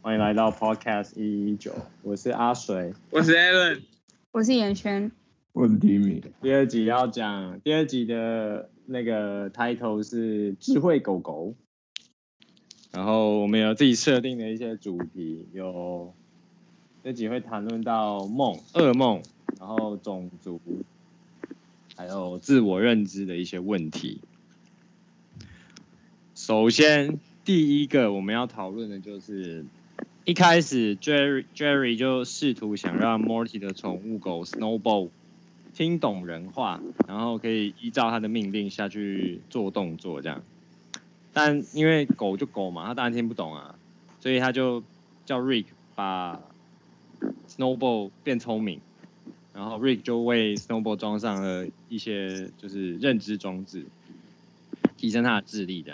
歡迎來到 Podcast 一一九，我是阿水，我是 Allen，我是顏軒，我是 Timmy。第二集要講，第二集的那個 title 是“智慧狗狗”嗯。然後我們有自己設定的一些主題，有這集會談論到夢、 噩夢。然後種族，還有自我認知的一些問題。首先，第一個我們要討論的就是，一開始 Jerry Jerry 就試圖想讓 Morty 的寵物狗 Snowball 聽懂人話，然後可以依照他的命令下去做動作這樣。但因為狗就狗嘛，他當然聽不懂啊，所以他就叫 Rick 把 Snowball 變聰明。然後 Rick 就為 Snowball 裝上了一些就是認知裝置，提升他的智力的，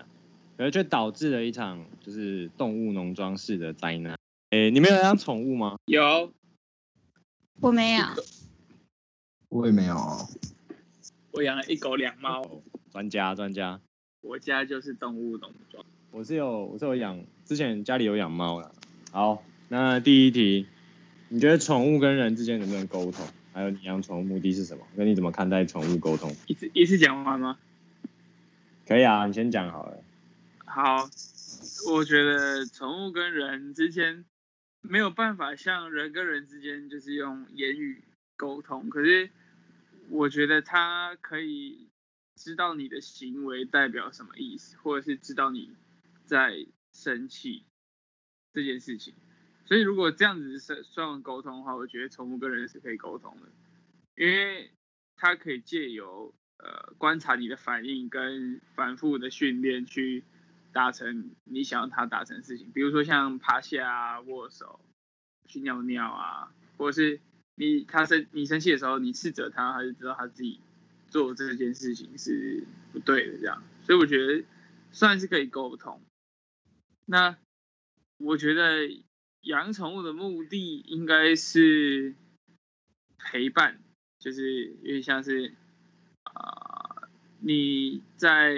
然後就導致了一場就是動物農莊式的災難。哎，你們有養寵物嗎？有。我沒有。我也沒有。我養了一狗兩貓。專家，專家。我家就是動物農莊。我是有，我是有養，之前家裡有養貓的。好，那第一題，你覺得寵物跟人之間能不能溝通？還有，你養寵物目的是什麼？那你怎麼看待寵物溝通？一次一次講完嗎？可以啊，你先講好了。好，我覺得寵物跟人之間沒有辦法像人跟人之間就是用言語溝通，可是我覺得它可以知道你的行為代表什麼意思，或者是知道你在生氣這件事情。所以如果這樣子算雙方溝通的話，我覺得寵物跟人是可以溝通的，因為他可以借由呃觀察你的反應跟反覆的訓練去達成你想要它達成的事情，比如說像趴下、啊、握手、去尿尿啊，或者是你他生你生氣的時候，你斥責他，他就知道他自己做這件事情是不對的這樣。所以我覺得算是可以溝通。那我覺得。養寵物的目的應該是陪伴，就是因為像是啊、呃、你在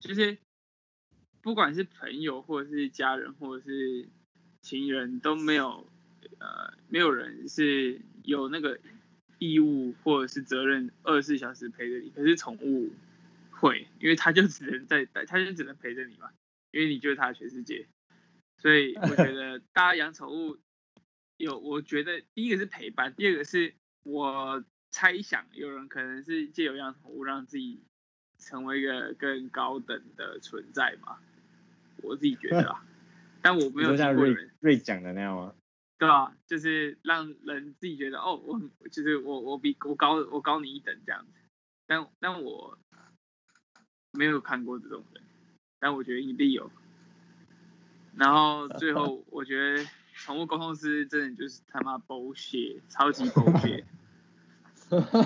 就是不管是朋友或者是家人或者是情人都沒有呃沒有人是有那個義務或者是責任二十四小時陪着你，可是寵物會，因為它就只能在它就只能陪着你嘛，因為你就是它的全世界。 所以我覺得大家養寵物有，我覺得第一個是陪伴，第二個是我猜想有人可能是借由養寵物讓自己成為一個更高等的存在吧，我自己覺得，啊， 但我沒有看過像瑞瑞講的那樣嗎？對啊，就是讓人自己覺得哦，我就是我我比我高我高你一等這樣子，但但我沒有看過這種人，但我覺得一定有。 然後最後，我覺得寵物溝通師真的就是他媽狗血，超級狗血，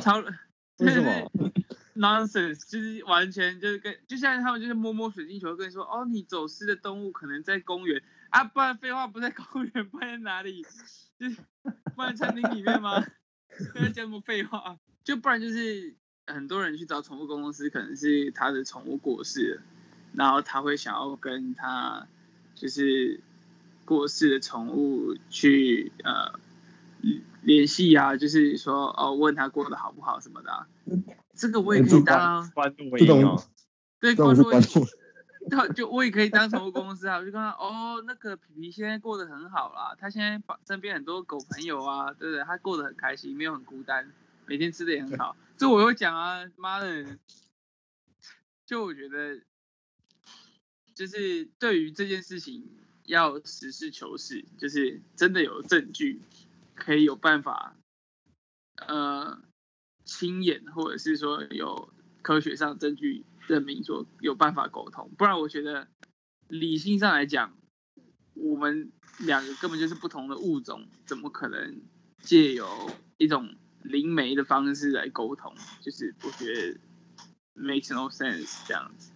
超， 就是 nonsense，就是完全就是跟，就像他們就是摸摸水晶球跟你說，哦，你走失的動物可能在公園，啊，不然廢話不在公園，不然在哪裡，就是，不然餐廳裡面嗎？要 講 什麼廢話？就不然就是很多人去找寵物公司，可能是他的寵物過世，然後他會想要跟他。就是過世的寵物去呃聯繫啊，就是說哦問他過得好不好什麼的，啊，這個我也可以當，啊，關，關，對關注，關注我也對關注關注，就我也可以當寵物公司啊，我就跟他哦那個皮皮現在過得很好啦，他現在把身邊很多狗朋友啊，對不對？他過得很開心，沒有很孤單，每天吃的也很好。就我有講啊，媽的，就我覺得。就是對於這件事情，要實事求是，就是真的有證據，可以有辦法，呃，親眼或者是說有科學上證據證明，說有辦法溝通。不然我覺得理性上來講，我們兩個根本就是不同的物種，怎麼可能借由一種靈媒的方式來溝通？就是我覺得 makes no sense 這樣子。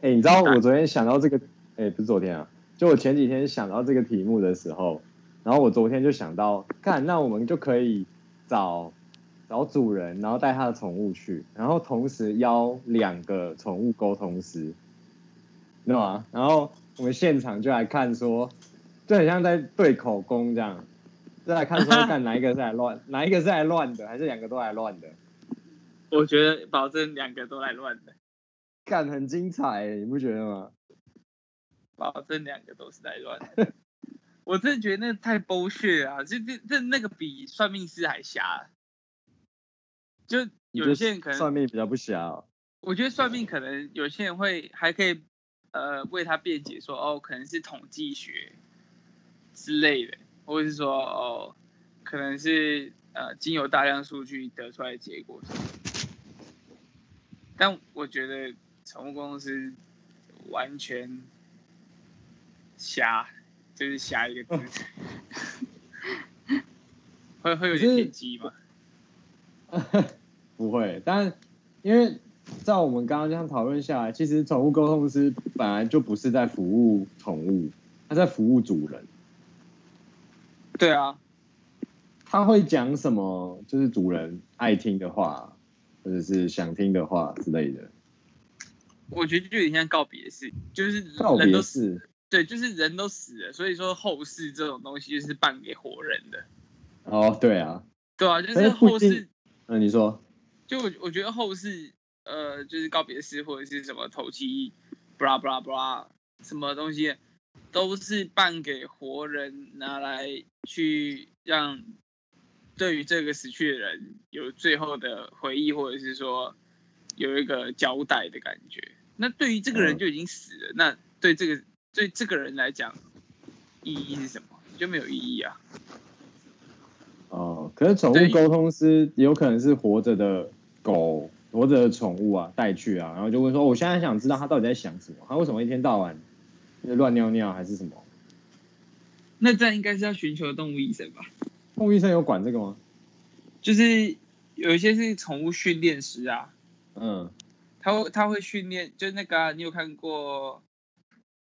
哎、欸，你知道我昨天想到這個，哎、欸，不是昨天啊，就我前幾天想到這個題目的時候，然後我昨天就想到，看，那我們就可以找找主人，然後帶他的寵物去，然後同時邀兩個寵物溝通師。懂嗎、啊？然後我們現場就來看說，就很像在對口供這樣，再來看說看哪一個在亂， 哪一個在亂的，還是兩個都來亂的？我覺得保證兩個都來亂的。感很精彩，你不覺得嗎？保證兩個都是在亂。 我真的覺得那太剝削啊！就這那個比算命師還瞎。就有些人可能算命比較不瞎啊？我覺得算命可能有些人會還可以，呃，為他辯解說，哦，可能是統計學之類的，或者是說，哦，可能是呃，經由大量數據得出來的結果的。但我覺得。寵物溝通師完全瞎，就是瞎一個字， 會會有點偏激嗎？不會，但因為照我們剛剛這樣討論下來，其實寵物溝通師本來就不是在服務寵物，他在服務主人。對啊，他會講什麼？就是主人愛聽的話，或者是想聽的話之類的。我覺得就有點像告別式，就是人都死，對，就是人都死了，所以說後事這種東西就是辦給活人的。哦、oh，對啊，對啊，就是後事。那你說，就我我覺得後事，呃，就是告別式或者是什麼頭七，布拉布拉布拉，什麼東西都是辦給活人拿來去讓，對於這個死去的人有最後的回憶，或者是說有一個交代的感覺。那對於這個人就已經死了，嗯、那對這個對這個人來講，意義是什麼？就沒有意義啊。哦，可是寵物溝通師有可能是活着的狗，活着的寵物啊，帶去啊，然後就會說、哦，我現在想知道他到底在想什麼，他為什麼一天到晚亂尿尿還是什麼？那這樣應該是要尋求動物醫生吧？動物醫生有管這個嗎？就是有一些是寵物訓練師啊，嗯。他，他會他會訓練，就那個、啊、你有看過，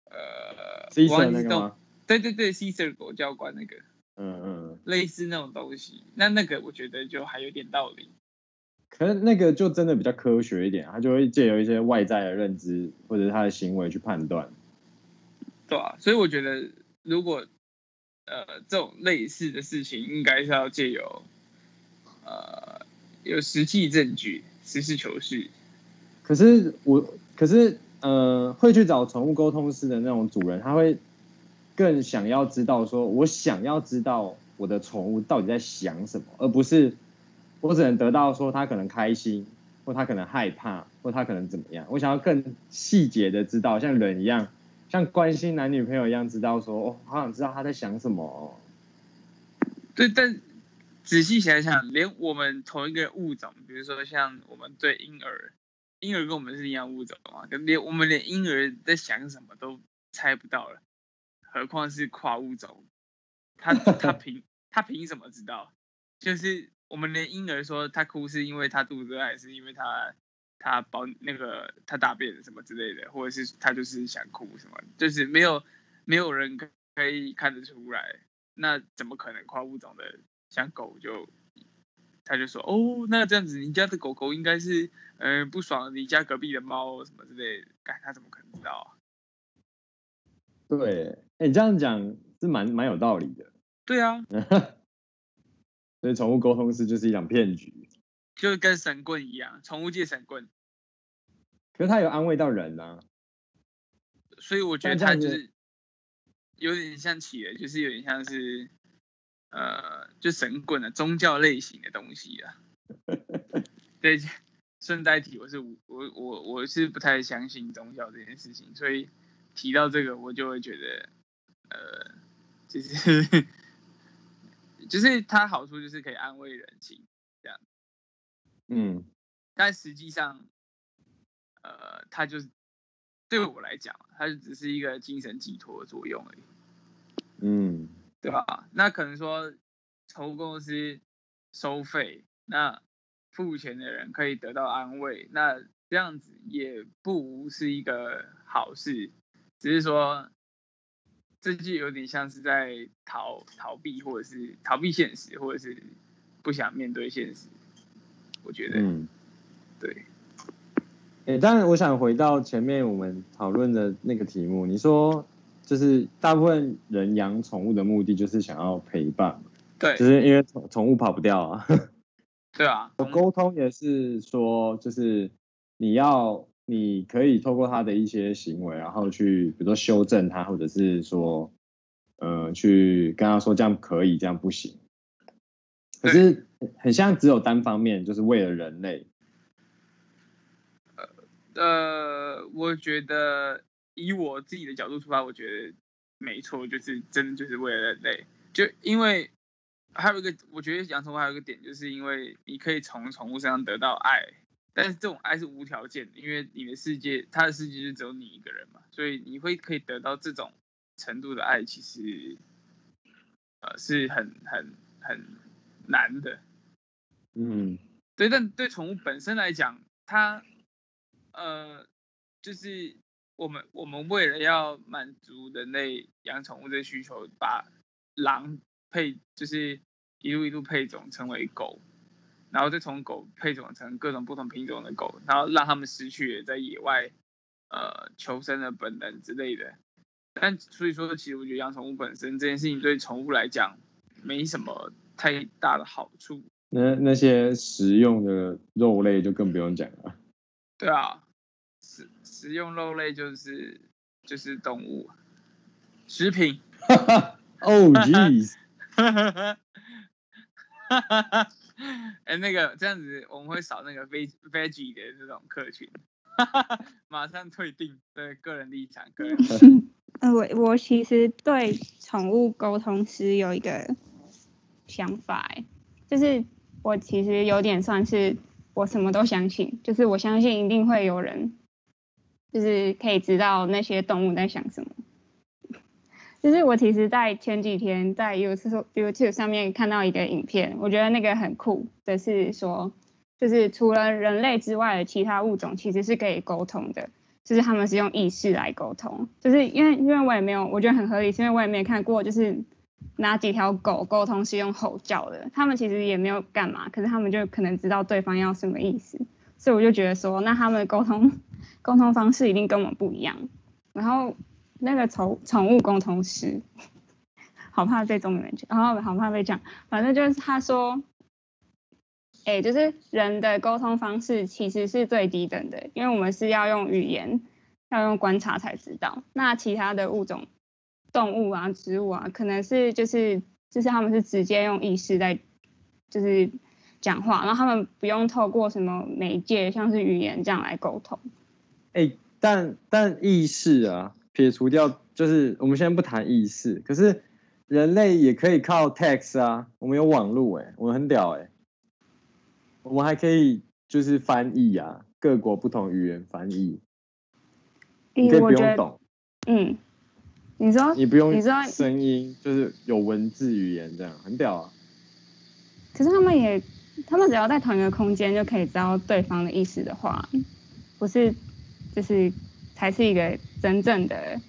呃，Caesar 那個對對對，Caesar 狗教官那個，嗯，嗯嗯，類似那種東西，那那個我覺得就還有點道理。可是那個就真的比較科學一點，他就會借由一些外在的認知或者是他的行為去判斷。對啊，所以我覺得如果呃這種類似的事情應該是要借由呃有實際證據，實事求是。可是我，可是，呃，會去找寵物溝通師的那種主人，他會更想要知道說，說我想要知道我的寵物到底在想什麼，而不是我只能得到說他可能開心，或他可能害怕，或他可能怎麼樣。我想要更細節的知道，像人一樣，像關心男女朋友一樣，知道說，我，哦，好想知道他在想什麼，哦。對，但仔細想一想，連我們同一個物種，比如說像我們對嬰兒。嬰兒跟我們是一樣物種嘛，跟連我們連嬰兒在想什麼都猜不到了，何況是跨物種，他他憑他憑什麼知道？就是我們連嬰兒說他哭是因為他肚子餓還是因為他他飽那個他大便什麼之類的，或者是他就是想哭什麼，就是沒有沒有人可以看得出來，那怎麼可能跨物種的像狗就他就說哦，那這樣子你家的狗狗應該是。嗯、呃，不爽你家隔壁的貓什麼之類的，哎，他怎麼可能知道啊？對，哎、欸，你這樣講是蠻蠻有道理的。對啊。 所以寵物溝通師就是一場騙局。就是跟神棍一樣，寵物界神棍。可是他有安慰到人啊。所以我覺得他就是有點像企，了，就是有點像是呃，就神棍啊，宗教類型的東西啊。 對。順帶提我，我是我我我是不太相信宗教這件事情，所以提到這個我就會覺得，呃，就是， 就是它好處就是可以安慰人心這樣，嗯，但實際上，呃，它就是對我來講，它只是一個精神寄托作用而已，嗯，對吧？那可能說投公司收費那。付錢的人可以得到安慰，那這樣子也不無是一個好事，只是說這就有點像是在逃逃避，或者是逃避現實，或者是不想面對現實。我覺得，嗯，對。哎、欸，當然，我想回到前面我們討論的那個題目，你說就是大部分人養寵物的目的就是想要陪伴，對，就是因為寵寵物跑不掉啊。 對啊，嗯、溝通也是說，就是你要，你可以透過他的一些行為，然後去，比如說修正他，或者是說，呃，去跟他說這樣可以，這樣不行。可是很像只有單方面，就是為了人類。呃呃，我覺得以我自己的角度出發，我覺得沒錯，就是真的就是為了人類，就因為。還有一個，我覺得養寵物還有一個點，就是因為你可以從寵物身上得到愛，但是這種愛是無條件的，因為你的世界，它的世界就只有你一個人嘛，所以你會可以得到這種程度的愛，其實呃是很很很難的。嗯，對，但對寵物本身來講，它呃就是我們我們為了要滿足人類養寵物的需求，把狼。配就是一路一路配種成為狗，然後再從狗配種成各種不同品種的狗，然後讓他們失去在野外呃求生的本能之類的。但所以說，其實我覺得養寵物本身這件事情，對寵物來講沒什麼太大的好處。那那些食用的肉類就更不用講了。對啊，食食用肉類就是就是動物食品。哈哈，哦，geez。哈哈哈，哈哈哈哈哈！哎，那個這樣子，我們會少那個 veg veggie 的這種客群。哈哈哈，馬上退訂。對，個人立場，個人。呃， 我我其實對寵物溝通師有一個想法，就是我其實有點算是我什麼都相信，就是我相信一定會有人，就是可以知道那些動物在想什麼。就是我其實，在前幾天在 YouTube YouTube 上面看到一個影片，我覺得那個很酷的是說，就是除了人類之外的其他物種其實是可以溝通的，就是他們是用意識來溝通。就是因為因為我也沒有，我覺得很合理，是因為我也沒有看過，就是哪幾條狗溝通是用吼叫的，他們其實也沒有幹嘛，可是他們就可能知道對方要什麼意思，所以我就覺得說，那他們的溝通溝通方式一定跟我們不一樣，然後。那個寵寵物溝通師，好怕被中原人講，然後好怕被講。反正就是他說，哎、欸，就是人的溝通方式其實是最低等的，因為我們是要用語言，要用觀察才知道。那其他的物種、動物啊、植物啊，可能是就是就是他們是直接用意識在就是講話，然後他們不用透過什麼媒介，像是語言這樣來溝通。哎、欸，但但意識啊。解除掉，就是我們先不談意識，可是人類也可以靠 text 啊，我們有網路、欸，哎，我們很屌、欸，哎，我們還可以就是翻譯啊，各國不同語言翻譯，你可以不用懂，嗯，你說你不用聲，你說聲音就是有文字語言這樣，很屌啊。可是他們也，他們只要在同一個空間就可以知道對方的意思的話，不是就是。才是一個真正的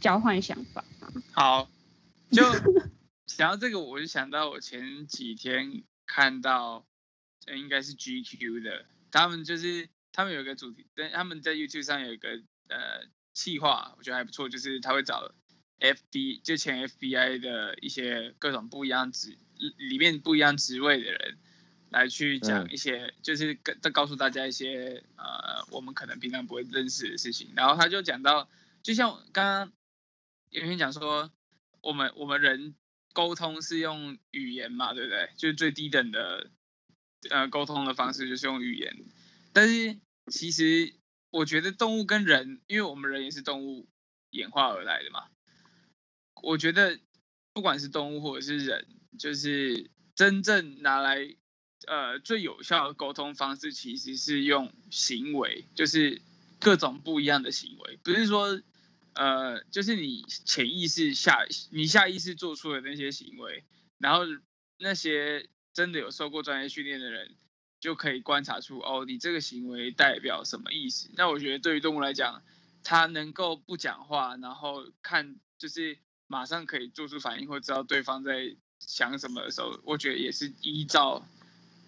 交換想法。好，就想到這個，我就想到我前幾天看到，應該是 GQ 的，他們就是他們有個主題，他們在 YouTube 上有一個呃企劃，我覺得還不錯，就是他會找 FB 就前 FBI 的一些各種不一樣職裡面不一樣職位的人。來去講一些，嗯、就是跟再告訴大家一些，呃，我們可能平常不會認識的事情。然後他就講到，就像剛剛原先講說，我們我們人溝通是用語言嘛，對不對？就是最低等的，呃，溝通的方式就是用語言。但是其實我覺得動物跟人，因為我們人也是動物演化而來的嘛，我覺得不管是動物或者是人，就是真正拿來。呃，最有效的溝通方式其實是用行為，就是各種不一樣的行為，不是說，呃，就是你潛意識下，你下意識做出的那些行為，然後那些真的有受過專業訓練的人就可以觀察出，哦，你這個行為代表什麼意思。那我覺得對於動物來講，它能夠不講話，然後看，就是馬上可以做出反應或知道對方在想什麼的時候，我覺得也是依照。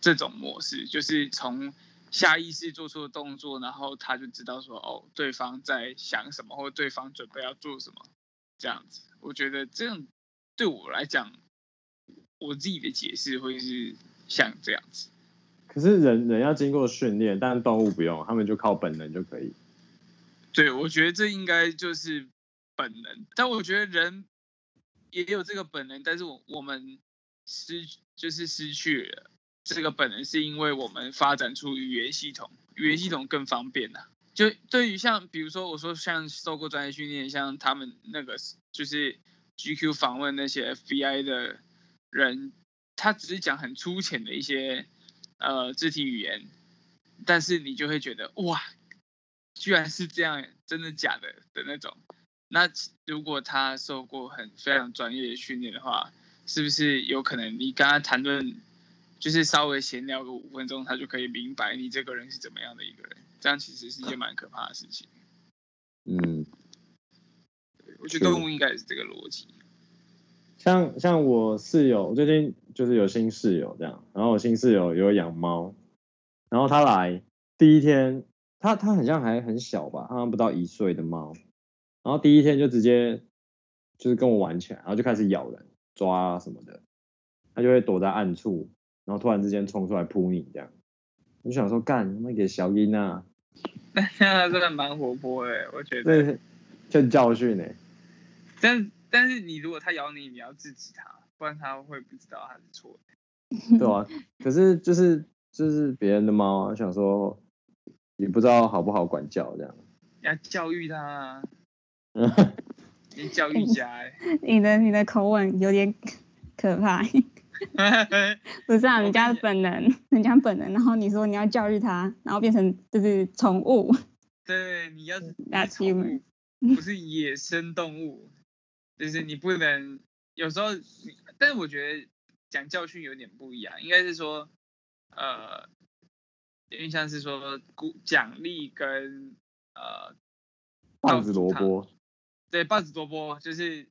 這種模式就是從下意識做出的動作，然後他就知道說，哦，對方在想什麼，或對方準備要做什麼這樣子。我覺得這樣對我來講，我自己的解釋會是像這樣子。可是人人要經過訓練，但動物不用，他們就靠本能就可以。對，我覺得這應該就是本能。但我覺得人也有這個本能，但是我我們失就是失去了。這個本能是因為我們發展出語言系統，語言系統更方便的，就對於像比如說我說像受過專業訓練，像他們那個就是 G Q 訪問那些 F B I 的人，他只是講很粗淺的一些呃肢體語言，但是你就會覺得哇，居然是這樣，真的假的的那種。那如果他受過很非常專業的訓練的話，是不是有可能你跟他談論？就是稍微閒聊個五分鐘，他就可以明白你這個人是怎麼樣的一個人。這樣其實是一件蠻可怕的事情。嗯，我覺得動物應該也是這個邏輯。像像我室友我最近就是有新室友這樣，然後我新室友有養貓，然後他來第一天，他他好像還很小吧，好像不到一歲的貓，然後第一天就直接就是跟我玩起來，然後就開始咬人、抓什麼的，他就會躲在暗處。然後突然之間衝出來撲你，這樣，我想說幹，那給小鷹啊。那現在真的蠻活潑哎，我覺得。對，欠教訓哎、欸。但但是你如果它咬你，你要制止它，不然它會不知道它是錯的。 對啊，可是就是就是別人的貓，想說也不知道好不好管教這樣。要教育它啊。 你教育家哎、欸。你的你的口吻有點可怕。 不是、啊，人家本能，人家本能，然後你說你要教育它，然後變成就是寵物。對，你要是 human 不是野生動物，就是你不能。有時候，但我覺得講教訓有點不一樣，應該是說，呃，因為是說鼓獎勵跟呃，棒子蘿蔔。對，棒子蘿蔔就是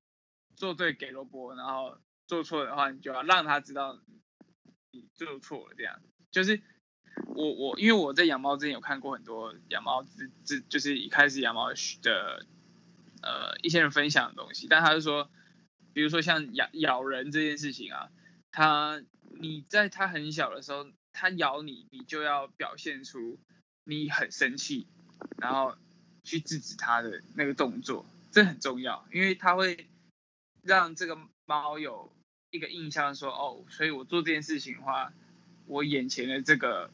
做對給蘿蔔，然後。做錯的話，你就要讓他知道你做錯了。這樣就是我，我因為我在養貓之前有看過很多養貓之之，就是一開始養貓的呃，一些人分享的東西，但他就說，比如說像咬咬人這件事情啊，他，你在他很小的時候，他咬你，你就要表現出你很生氣，然後去制止他的那個動作，這很重要，因為它會讓這個貓有。一個印象說哦，所以我做這件事情的話，我眼前的這個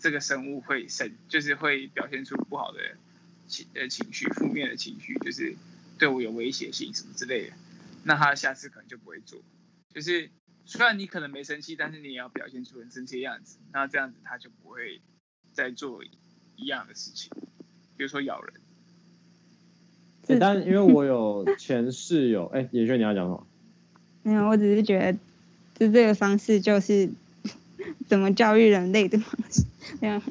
這個生物會生，就是會表現出不好的情呃，情緒，負面的情緒，就是對我有威脅性什麼之類的。那他下次可能就不會做。就是雖然你可能沒生氣，但是你也要表現出很生氣的樣子，那這樣子他就不會再做一樣的事情，比如說咬人。欸、但因為我有前室友，哎、欸，野軒，你要講什麼？沒有，我只是覺得，就這個方式就是怎麼教育人類的方式，那 樣。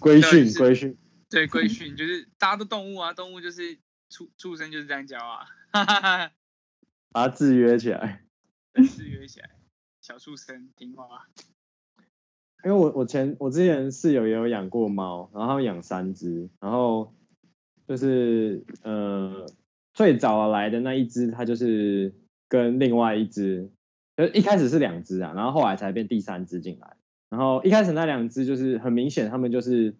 規訓，規訓。對，規訓 就是大家都動物啊，動物就是畜畜生就是這樣教啊， 把它制約起來，制 約起來，小畜生聽話。 因為我我前我之前室友也有養過貓，然後養三隻，然後就是呃最早來的那一隻，它就是。跟另外一隻，就一開始是兩隻啊，然後後來才變第三隻進來。然後一開始那兩隻就是很明顯，他們就是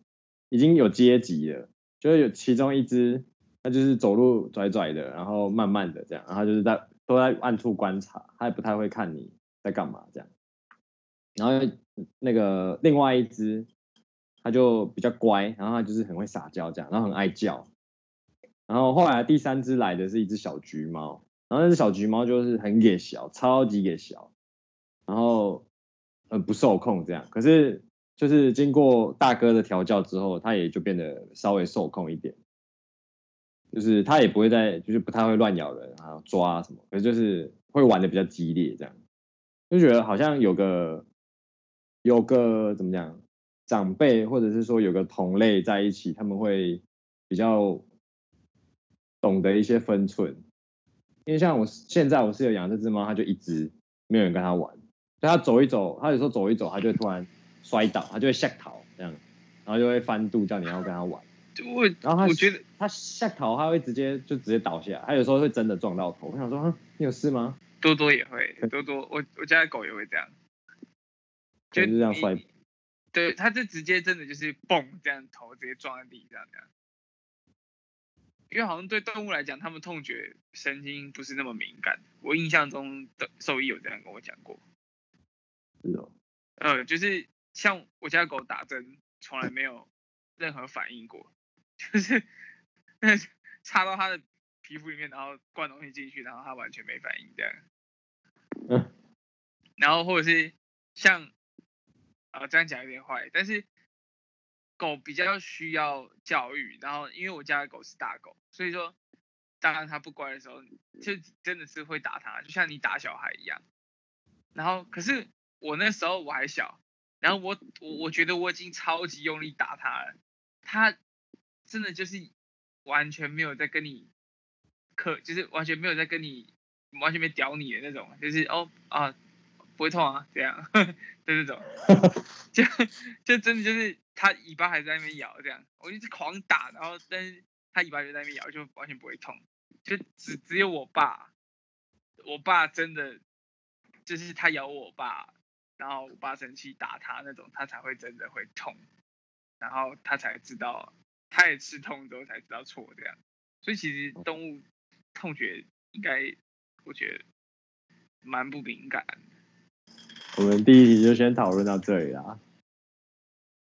已經有階級了，就是有其中一隻，它就是走路拽拽的，然後慢慢的這樣，然後就是在都在暗處觀察，它也不太會看你在幹嘛這樣。然後那個另外一隻，它就比較乖，然後它就是很會撒嬌這樣，然後很愛叫。然後後來第三隻來的是一隻小橘貓。然後那隻小橘貓就是很野小，超級野小，然後很不受控這樣。可是就是經過大哥的調教之後，它也就變得稍微受控一點，就是它也不會再就是不太會亂咬人啊抓什麼，可是就是會玩得比較激烈這樣。就覺得好像有個有個怎麼講，長輩或者是說有個同類在一起，他們會比較懂得一些分寸。因為像我現在我是有養這隻貓，它就一直沒有人跟它玩，所以它走一走，它有時候走一走，它就會突然摔倒，它就會嚇到這樣，然後就會翻肚叫你要跟它玩。我，然後它我覺得它嚇到，它會直接就直接倒下，它有時候會真的撞到頭。我想說，你有事嗎？多多也會，多多，我我家的狗也會這樣，就是這樣摔，對，它就直接真的就是嘣這樣頭，頭直接撞在地上這樣。因為好像對動物來講，它們痛覺神經不是那麼敏感。我印象中的獸醫有這樣跟我講過。是、嗯、呃，就是像我家狗打針，從來沒有任何反應過，就是，是插到它的皮膚裡面，然後灌東西進去，然後它完全沒反應這樣。嗯。然後或者是像啊、呃，這樣講有點壞，但是。狗比較需要教育，然後因為我家的狗是大狗，所以說，當然它不乖的時候，就真的是會打它，就像你打小孩一樣。然後，可是我那時候我還小，然後我我我覺得我已經超級用力打它了，它真的就是完全沒有在跟你，可就是完全沒有在跟你，完全沒屌你的那種，就是哦啊，不會痛啊這樣，就這種，就就真的就是。它尾巴還在那邊搖，這樣我一直狂打，然後它尾巴就在那邊搖，就完全不會痛，就只只有我爸，我爸真的就是它咬我爸，然後我爸生氣打它那種，它才會真的會痛，然後它才知道，它也吃痛之後才知道錯這樣，所以其實動物痛覺應該我覺得蠻不敏感。我們第一集就先討論到這裡啦。